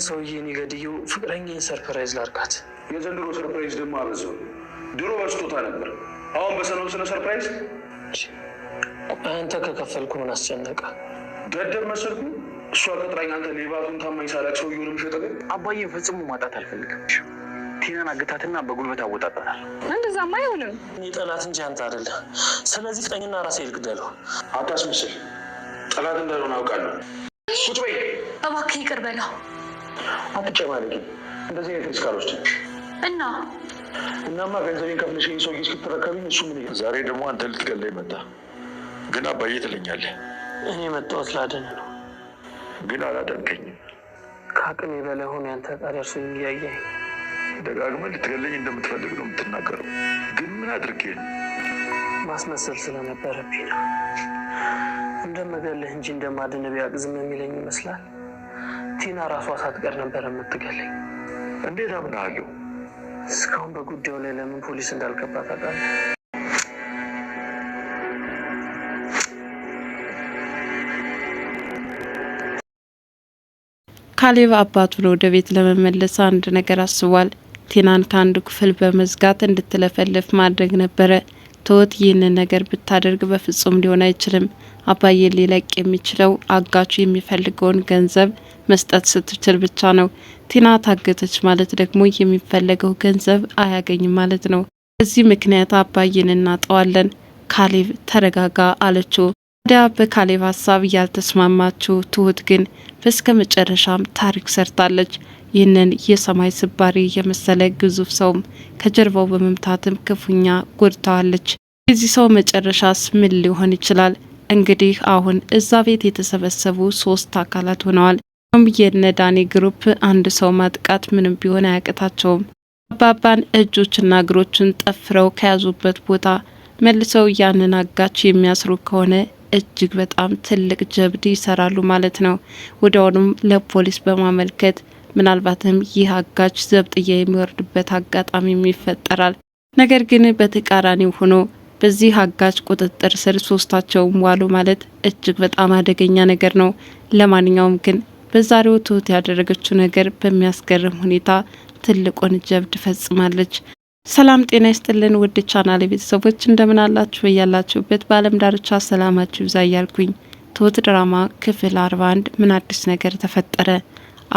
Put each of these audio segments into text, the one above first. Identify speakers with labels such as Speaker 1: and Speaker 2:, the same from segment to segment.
Speaker 1: ያን ሰውዬ እኔ ገድዬው ፍቅረኛዬን ሰርፕራይዝ ላርጋት።
Speaker 2: የዘንድሮ ሰርፕራይዝ ደግሞ አበዛው። ድሮ በስጦታ ነበር፣ አሁን በሰላም ስነ ሰርፕራይዝ።
Speaker 1: አንተ ከከፈልኩ ምን አስጨነቀ?
Speaker 2: ገደብ መሰልኩ። እሷ ቀጥራኝ፣ አንተ ሌባቱን ታማኝ ሳላቅ
Speaker 1: ሰውዬውን ሸጠገ። አባዬን ፈጽሞ ማጣት አልፈልግም። ቲናን አግታትና በጉልበት አወጣጣታል።
Speaker 3: እንደዛማ አይሆንም።
Speaker 1: እኔ ጠላት እንጂ አንተ አደለ። ስለዚህ ፍጠኝና ራሴ
Speaker 2: ልግደለው። አታስመስል። ጠላት እንዳልሆን አውቃለሁ።
Speaker 3: ቁጭ በይ እባክህ፣ ይቅር በለው።
Speaker 1: አትጨማለቂ። እንደዚህ አይነት ሪስክ አልወስድም እና እናማ ገንዘቤን ከፍለሽ ሰውዬ እስክትረከብኝ እሱ ምን
Speaker 2: ዛሬ ደግሞ አንተ ልትገለኝ መጣ። ግን አባዬ ትለኛለህ።
Speaker 1: እኔ የመጣሁት ላድን ነው፣
Speaker 2: ግን አላደንከኝም።
Speaker 1: ከአቅሜ በላይ ሆኖ ያንተ ቃል እርሱ እያየኝ
Speaker 2: ደጋግመህ ልትገለኝ እንደምትፈልግ ነው የምትናገረው። ግን ምን አድርጌ ነው?
Speaker 1: ማስመሰል ስለነበረብኝ ነው። እንደምገልህ እንጂ እንደማድን ቢያቅ ዝም የሚለኝ ይመስላል። ቲና ራሷ ሳትቀር ነበር የምትገለኝ።
Speaker 2: እንዴት አምናለሁ?
Speaker 1: እስካሁን በጉዳዩ ላይ ለምን ፖሊስ እንዳልገባ ታውቃለህ?
Speaker 4: ካሌብ አባቱን ወደ ቤት ለመመለስ አንድ ነገር አስቧል። ቲናን ከአንዱ ክፍል በመዝጋት እንድትለፈልፍ ማድረግ ነበረ። ትሁት ይህንን ነገር ብታደርግ በፍጹም ሊሆን አይችልም። አባዬ ሊለቅ የሚችለው አጋቹ የሚፈልገውን ገንዘብ መስጠት ስትችል ብቻ ነው። ቲና ታገተች ማለት ደግሞ የሚፈለገው ገንዘብ አያገኝም ማለት ነው። በዚህ ምክንያት አባይን እናጠዋለን። ካሌብ ተረጋጋ አለችው። ታዲያ በካሌብ ሀሳብ ያልተስማማችው ትሁት ግን በስከ መጨረሻም ታሪክ ሰርታለች። ይህንን የሰማይ ስባሪ የመሰለ ግዙፍ ሰውም ከጀርባው በመምታትም ክፉኛ ጎድተዋለች። የዚህ ሰው መጨረሻስ ምን ሊሆን ይችላል? እንግዲህ አሁን እዛ ቤት የተሰበሰቡ ሶስት አካላት ሆነዋል። ም የነዳኔ ግሩፕ አንድ ሰው ማጥቃት ምንም ቢሆን አያቅታቸውም። አባባን እጆችና እግሮችን ጠፍረው ከያዙበት ቦታ መልሰው ያንን አጋች የሚያስሩ ከሆነ እጅግ በጣም ትልቅ ጀብድ ይሰራሉ ማለት ነው። ወዲያውኑም ለፖሊስ በማመልከት ምናልባትም ይህ አጋች ዘብጥያ የሚወርድበት አጋጣሚም ይፈጠራል። ነገር ግን በተቃራኒው ሆኖ በዚህ አጋች ቁጥጥር ስር ሶስታቸውም ዋሉ ማለት እጅግ በጣም አደገኛ ነገር ነው። ለማንኛውም ግን በዛሬው ትሁት ያደረገችው ነገር በሚያስገርም ሁኔታ ትልቁን ጀብድ ፈጽማለች። ሰላም ጤና ይስጥልን ውድ ቻናል ቤተሰቦች እንደምን አላችሁ? እያላችሁበት በአለም ዳርቻ ሰላማችሁ ይብዛ እያልኩኝ ትሁት ድራማ ክፍል አርባ አንድ ምን አዲስ ነገር ተፈጠረ?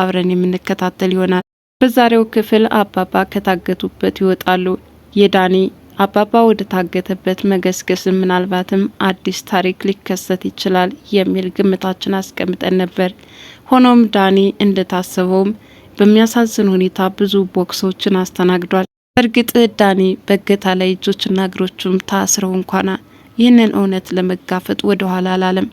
Speaker 4: አብረን የምንከታተል ይሆናል። በዛሬው ክፍል አባባ ከታገቱበት ይወጣሉ። የዳኒ አባባ ወደ ታገተበት መገስገስ ምናልባትም አዲስ ታሪክ ሊከሰት ይችላል የሚል ግምታችን አስቀምጠን ነበር። ሆኖም ዳኒ እንደታሰበውም በሚያሳዝን ሁኔታ ብዙ ቦክሶችን አስተናግዷል። በእርግጥ ዳኒ በእገታ ላይ እጆችና እግሮቹም ታስረው እንኳና ይህንን እውነት ለመጋፈጥ ወደ ኋላ አላለም።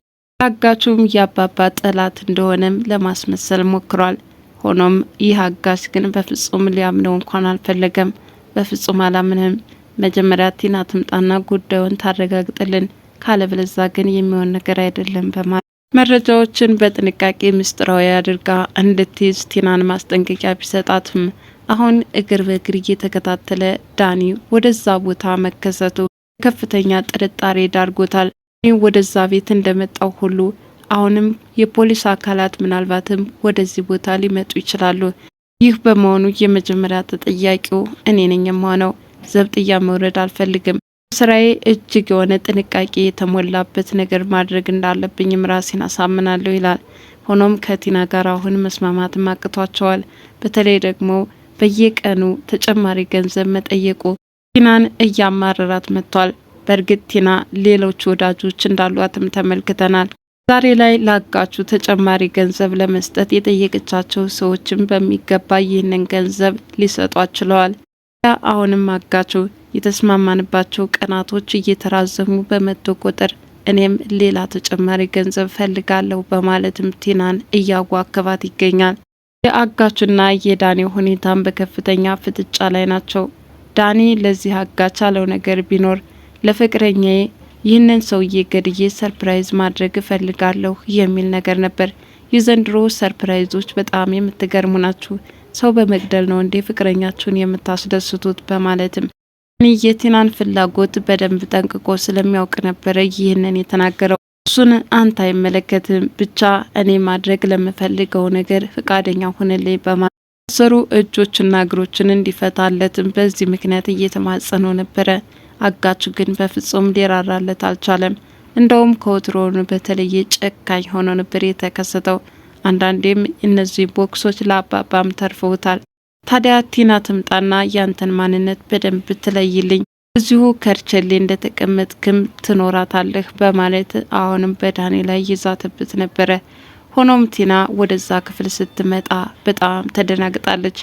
Speaker 4: አጋቹም የአባባ ጠላት እንደሆነም ለማስመሰል ሞክሯል። ሆኖም ይህ አጋች ግን በፍጹም ሊያምነው እንኳን አልፈለገም። በፍጹም አላምንህም መጀመሪያ ቲና ትምጣና ጉዳዩን ታረጋግጥልን፣ ካለበለዛ ግን የሚሆን ነገር አይደለም በማለት መረጃዎችን በጥንቃቄ ምስጢራዊ አድርጋ እንድትይዝ ቲናን ማስጠንቀቂያ ቢሰጣትም አሁን እግር በእግር እየተከታተለ ዳኒ ወደዛ ቦታ መከሰቱ ከፍተኛ ጥርጣሬ ዳርጎታል። ወደዛ ቤት እንደመጣው ሁሉ አሁንም የፖሊስ አካላት ምናልባትም ወደዚህ ቦታ ሊመጡ ይችላሉ። ይህ በመሆኑ የመጀመሪያ ተጠያቂው እኔ ነኝ የምሆነው። ዘብጥያ መውረድ አልፈልግም። ስራዬ እጅግ የሆነ ጥንቃቄ የተሞላበት ነገር ማድረግ እንዳለብኝም ራሴን አሳምናለሁ ይላል። ሆኖም ከቲና ጋር አሁን መስማማትም አቅቷቸዋል። በተለይ ደግሞ በየቀኑ ተጨማሪ ገንዘብ መጠየቁ ቲናን እያማረራት መጥቷል። በእርግጥ ቲና ሌሎች ወዳጆች እንዳሏትም ተመልክተናል። ዛሬ ላይ ላጋቹ ተጨማሪ ገንዘብ ለመስጠት የጠየቀቻቸው ሰዎችም በሚገባ ይህንን ገንዘብ ሊሰጧችለዋል። ችለዋል። አሁንም አጋቹ። የተስማማንባቸው ቀናቶች እየተራዘሙ በመጡ ቁጥር እኔም ሌላ ተጨማሪ ገንዘብ ፈልጋለሁ በማለትም ቲናን እያዋከባት ይገኛል። የአጋቹና የዳኒ ሁኔታን በከፍተኛ ፍጥጫ ላይ ናቸው። ዳኒ ለዚህ አጋች ያለው ነገር ቢኖር ለፍቅረኛዬ ይህንን ሰውዬ ገድዬ ሰርፕራይዝ ማድረግ እፈልጋለሁ የሚል ነገር ነበር። የዘንድሮ ሰርፕራይዞች በጣም የምትገርሙ ናችሁ። ሰው በመግደል ነው እንዴ ፍቅረኛችሁን የምታስደስቱት? በማለትም የቲናን ፍላጎት በደንብ ጠንቅቆ ስለሚያውቅ ነበረ ይህንን የተናገረው። እሱን አንተ አይመለከትም፣ ብቻ እኔ ማድረግ ለምፈልገው ነገር ፍቃደኛ ሁንልኝ በማለት ሰሩ እጆችና እግሮችን እንዲፈታለትም በዚህ ምክንያት እየተማጸነው ነበረ። አጋቹ ግን በፍጹም ሊራራለት አልቻለም። እንደውም ከወትሮውን በተለየ ጨካኝ ሆኖ ነበር የተከሰተው። አንዳንዴም እነዚህ ቦክሶች ለአባባም ተርፈውታል። ታዲያ ቲና ትምጣና ያንተን ማንነት በደንብ ትለይልኝ፣ እዚሁ ከርቸሌ እንደተቀመጥክም ትኖራታለህ በማለት አሁንም በዳኔ ላይ ይዛትብት ነበረ። ሆኖም ቲና ወደዛ ክፍል ስትመጣ በጣም ተደናግጣለች።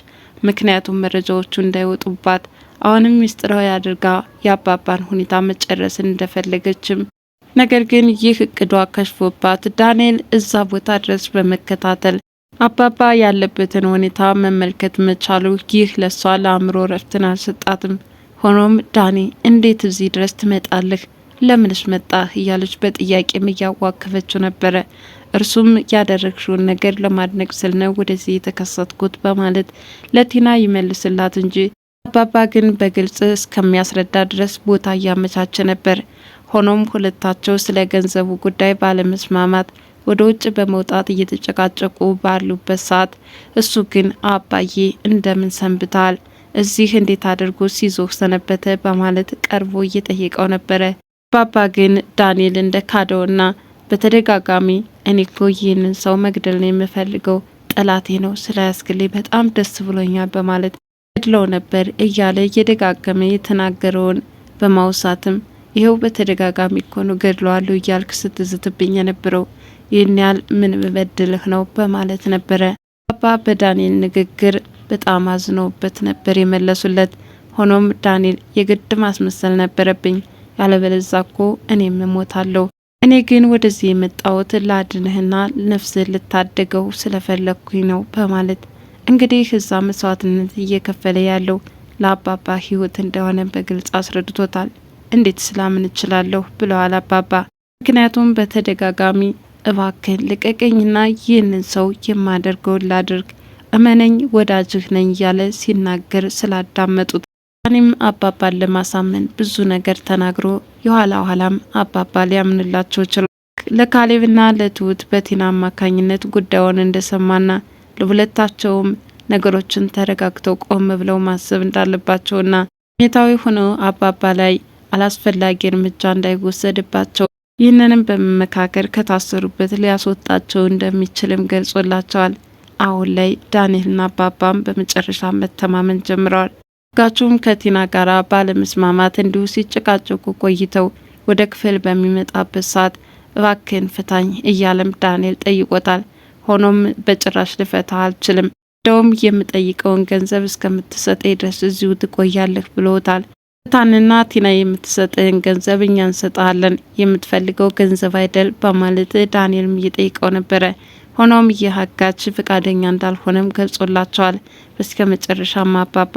Speaker 4: ምክንያቱም መረጃዎቹ እንዳይወጡባት አሁንም ሚስጥራዊ አድርጋ የአባባን ሁኔታ መጨረስን እንደፈለገችም ነገር ግን ይህ እቅዷ ከሽፎባት ዳንኤል እዛ ቦታ ድረስ በመከታተል አባባ ያለበትን ሁኔታ መመልከት መቻሉ ይህ ለሷ ለአእምሮ ረፍትን አልሰጣትም። ሆኖም ዳኒ እንዴት እዚህ ድረስ ትመጣለህ? ለምንስ መጣህ? እያለች በጥያቄም እያዋከፈችው ነበረ። እርሱም ያደረግሽውን ነገር ለማድነቅ ስል ነው ወደዚህ የተከሰትኩት በማለት ለቲና ይመልስላት እንጂ አባባ ግን በግልጽ እስከሚያስረዳ ድረስ ቦታ እያመቻቸ ነበር። ሆኖም ሁለታቸው ስለ ገንዘቡ ጉዳይ ባለመስማማት ወደ ውጭ በመውጣት እየተጨቃጨቁ ባሉበት ሰዓት እሱ ግን አባዬ እንደምን ሰንብታል? እዚህ እንዴት አድርጎ ሲዞህ ሰነበተ? በማለት ቀርቦ እየጠየቀው ነበረ። ባባ ግን ዳንኤል እንደ ካደውና በተደጋጋሚ እኔ ኮ ይህንን ሰው መግደል ነው የምፈልገው፣ ጠላቴ ነው ስላያስግሌ በጣም ደስ ብሎኛል በማለት ገድለው ነበር እያለ እየደጋገመ የተናገረውን በማውሳትም ይኸው በተደጋጋሚ እኮ ነው ገድለዋለሁ እያልክ ስትዝትብኝ የነበረው ይህን ያህል ምን ብበድልህ ነው በማለት ነበረ። አባ በዳንኤል ንግግር በጣም አዝነውበት ነበር የመለሱለት። ሆኖም ዳንኤል የግድ ማስመሰል ነበረብኝ፣ ያለበለዛ እኮ እኔም እሞታለሁ። እኔ ግን ወደዚህ የመጣሁት ላድንህና ነፍስህ ልታደገው ስለፈለግኩኝ ነው በማለት እንግዲህ እዛ መስዋዕትነት እየከፈለ ያለው ለአባባ ህይወት እንደሆነ በግልጽ አስረድቶታል። እንዴት ስላምን እችላለሁ ብለዋል አባባ። ምክንያቱም በተደጋጋሚ እባክን ልቀቀኝና ይህንን ሰው የማደርገውን ላድርግ፣ እመነኝ፣ ወዳጅህ ነኝ እያለ ሲናገር ስላዳመጡት ኔም አባባን ለማሳመን ብዙ ነገር ተናግሮ የኋላ ኋላም አባባ ሊያምንላቸው ችሏል። ለካሌብና ለትሁት በቴና አማካኝነት ጉዳዩን እንደሰማና ለሁለታቸውም ነገሮችን ተረጋግተው ቆም ብለው ማሰብ እንዳለባቸውና ሁኔታዊ ሆነው አባባ ላይ አላስፈላጊ እርምጃ እንዳይወሰድባቸው ይህንንም በመመካከር ከታሰሩበት ሊያስወጣቸው እንደሚችልም ገልጾላቸዋል። አሁን ላይ ዳንኤልና አባባም በመጨረሻ መተማመን ጀምረዋል። ጋቹም ከቲና ጋር ባለመስማማት እንዲሁ ሲጨቃጨቁ ቆይተው ወደ ክፍል በሚመጣበት ሰዓት እባክን ፍታኝ እያለም ዳንኤል ጠይቆታል። ሆኖም በጭራሽ ልፈታ አልችልም፣ እንደውም የምጠይቀውን ገንዘብ እስከምትሰጠኝ ድረስ እዚሁ ትቆያለህ ብሎታል። ታንና ቲና የምትሰጥህን ገንዘብ እኛ እንሰጣለን። የምትፈልገው ገንዘብ አይደል በማለት ዳንኤልም እየጠይቀው ነበረ። ሆኖም ይህ አጋች ፈቃደኛ እንዳልሆነም ገልጾላቸዋል። በስከ መጨረሻም አባባ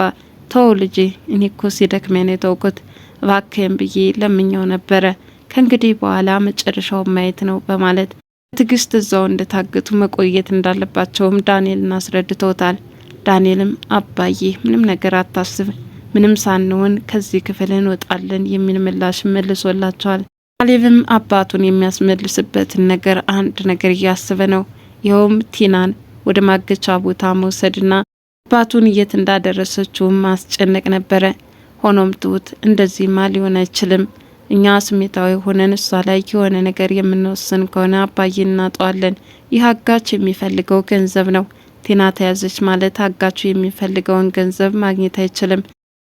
Speaker 4: ተው ልጅ፣ እኔ እኮ ሲደክመኝ ነው የተውኩት፣ እባክህን ብዬ ለምኘው ነበረ። ከእንግዲህ በኋላ መጨረሻው ማየት ነው በማለት ትግስት እዛው እንደታገቱ መቆየት እንዳለባቸውም ዳንኤልን አስረድተውታል። ዳንኤልም አባዬ ምንም ነገር አታስብ ምንም ሳንሆን ከዚህ ክፍል እንወጣለን የሚል ምላሽ መልሶላቸዋል። ካሌብም አባቱን የሚያስመልስበትን ነገር አንድ ነገር እያስበ ነው። ይኸውም ቲናን ወደ ማገቻ ቦታ መውሰድና አባቱን የት እንዳደረሰችው ማስጨነቅ ነበረ። ሆኖም ትሁት እንደዚህማ ሊሆን አይችልም፣ እኛ ስሜታዊ ሆነን እሷ ላይ የሆነ ነገር የምንወስን ከሆነ አባዬ እናጠዋለን። ይህ አጋች የሚፈልገው ገንዘብ ነው። ቲና ተያዘች ማለት አጋቹ የሚፈልገውን ገንዘብ ማግኘት አይችልም።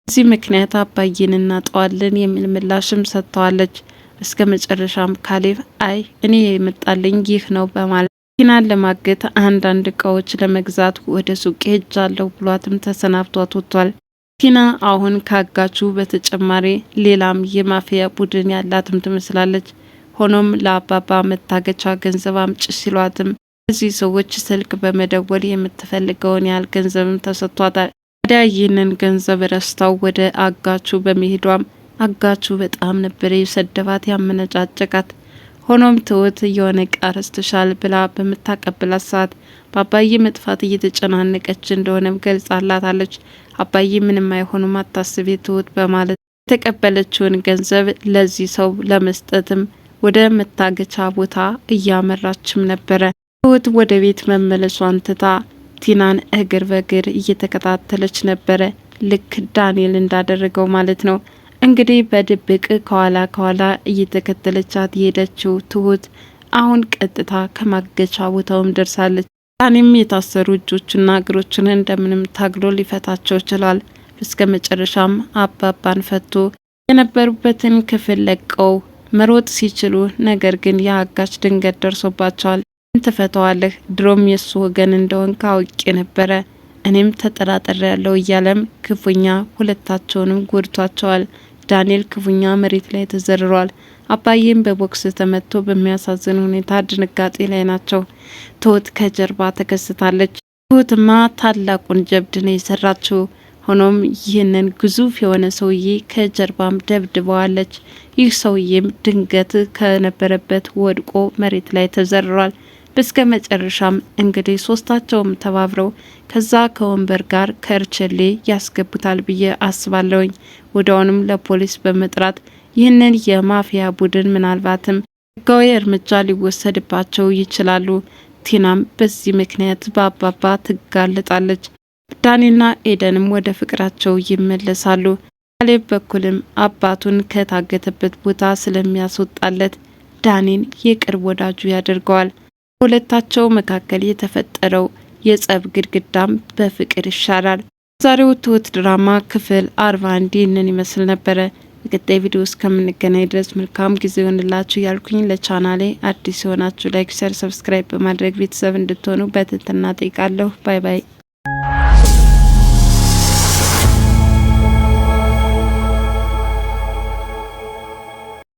Speaker 4: በዚህ ምክንያት አባዬን እናጠዋለን የሚል ምላሽም ሰጥተዋለች። እስከ መጨረሻም ካሌብ አይ እኔ የመጣልኝ ይህ ነው በማለት መኪናን ለማገት አንዳንድ እቃዎች ለመግዛት ወደ ሱቅ ሄጃለሁ ብሏትም ተሰናብቷት ወጥቷል። መኪና አሁን ካጋቹ በተጨማሪ ሌላም የማፊያ ቡድን ያላትም ትመስላለች። ሆኖም ለአባባ መታገቻ ገንዘብ አምጭ ሲሏትም እዚህ ሰዎች ስልክ በመደወል የምትፈልገውን ያህል ገንዘብም ተሰጥቷታል። ታዲያ ይህንን ገንዘብ ረስታው ወደ አጋቹ በመሄዷም አጋቹ በጣም ነበር የሰደባት ያመነጫጨቃት። ሆኖም ትሁት የሆነ ቃርስ ትሻል ብላ በምታቀብላት ሰዓት በአባዬ መጥፋት እየተጨናነቀች እንደሆነም ገልጻላታለች። አባዬ ምንም አይሆኑም አታስቤ ትሁት በማለት የተቀበለችውን ገንዘብ ለዚህ ሰው ለመስጠትም ወደ መታገቻ ቦታ እያመራችም ነበረ። ትሁት ወደ ቤት መመለሷን ትታ ቲናን እግር በእግር እየተከታተለች ነበረ። ልክ ዳንኤል እንዳደረገው ማለት ነው። እንግዲህ በድብቅ ከኋላ ከኋላ እየተከተለቻት የሄደችው ትሁት አሁን ቀጥታ ከማገቻ ቦታውም ደርሳለች። ዳኒም የታሰሩ እጆችና እግሮችን እንደምንም ታግሎ ሊፈታቸው ችሏል። እስከ መጨረሻም አባባን ፈቶ የነበሩበትን ክፍል ለቀው መሮጥ ሲችሉ ነገር ግን የአጋች ድንገት ደርሶባቸዋል። ትፈተዋለህ፣ ድሮም የእሱ ወገን እንደሆን ካውቄ ነበረ፣ እኔም ተጠራጠር ያለው እያለም ክፉኛ ሁለታቸውንም ጎድቷቸዋል። ዳንኤል ክፉኛ መሬት ላይ ተዘርሯል። አባዬም በቦክስ ተመቶ በሚያሳዝን ሁኔታ ድንጋጤ ላይ ናቸው። ትሁት ከጀርባ ተከስታለች። ትሁትማ ታላቁን ጀብድ ነው የሰራችው። ሆኖም ይህንን ግዙፍ የሆነ ሰውዬ ከጀርባም ደብድበዋለች። ይህ ሰውዬም ድንገት ከነበረበት ወድቆ መሬት ላይ ተዘርሯል። በስከ መጨረሻም እንግዲህ ሶስታቸውም ተባብረው ከዛ ከወንበር ጋር ከርቸሌ ያስገቡታል ብዬ አስባለሁኝ። ወዲያውኑም ለፖሊስ በመጥራት ይህንን የማፊያ ቡድን ምናልባትም ህጋዊ እርምጃ ሊወሰድባቸው ይችላሉ። ቲናም በዚህ ምክንያት በአባባ ትጋለጣለች። ዳኒና ኤደንም ወደ ፍቅራቸው ይመለሳሉ። ካሌብ በኩልም አባቱን ከታገተበት ቦታ ስለሚያስወጣለት ዳኒን የቅርብ ወዳጁ ያደርገዋል። በሁለታቸው መካከል የተፈጠረው የጸብ ግድግዳም በፍቅር ይሻላል። ዛሬው ትሁት ድራማ ክፍል አርባ አንድ ይህንን ይመስል ነበረ። በቀጣይ ቪዲዮ እስከምንገናኝ ድረስ መልካም ጊዜ ይሆንላችሁ እያልኩኝ ለቻናሌ አዲስ የሆናችሁ ላይክ፣ ሸር፣ ሰብስክራይብ በማድረግ ቤተሰብ እንድትሆኑ በትህትና ጠይቃለሁ። ባይ ባይ።